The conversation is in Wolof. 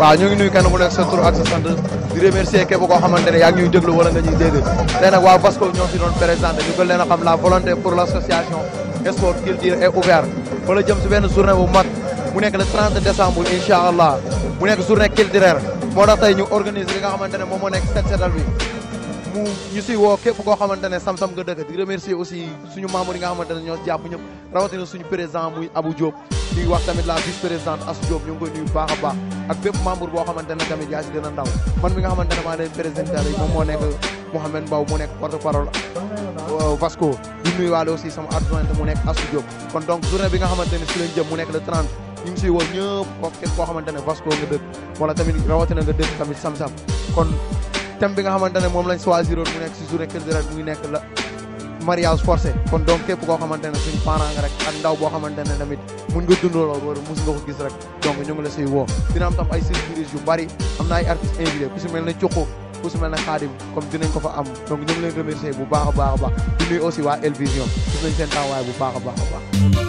waaw ñu ngi nuyu kenn ku nekk sa tur ak sa sant di remercier képp koo xamante ne yaa ngi ñuy déglu wala nga ñuy déglu tey nag waa Vasco ñoo fi doon présenté ñu gën leen a xam la volonté pour l' association sport culture et ouvert wala jëm si benn journée bu mat mu nekk le 30 décembre incha allah mu nekk journée culturelle moo tax tey ñu organise li nga xamante ne moom moo nekk set setal bi mu ñu si woo képp koo xamante ne sam-sam nga dëkk di remercier aussi suñu membres yi nga xamante ne ñoo jàpp ñëpp rawatina suñu président muy Abou di wax tamit la vice présidente Asou Diop ñu ngi koy nuyu baax a baax ak bépp membre boo xamante ne tamit yaa si gën a ndaw man mi nga xamante ne maa leen présenté rek moom moo nekk Mouhamed Mbaw mu nekk porte parole euh, Vasco di nuyuwaale aussi sama adjointe mu nekk Asou kon donc journée bi nga xamante si lañ jëm mu nekk le 30 ñu ngi siy ñëpp kooku kenn koo Vasco nga dëkk wala tamit rawatina nga dëkk tamit Sam Sam kon thème bi nga xamante moom lañ choisiroon mu mariage forcé kon donc képp koo xamante ne suñ parent rek ak ndaw boo xamante ne tamit mun nga dund loolu wala mus nga ko gis rek donc ñu ngi la siy woo dina am tam ay surprise yu bari am na ay artistes invités si mel ne Cuqu ku si mel ne Xaadim comme dinañ ko fa am donc ñu ngi leen remercier bu baax a baax a baax di nuyu aussi waa El Vision gis nañ seen taxawaay bu baax a baax baax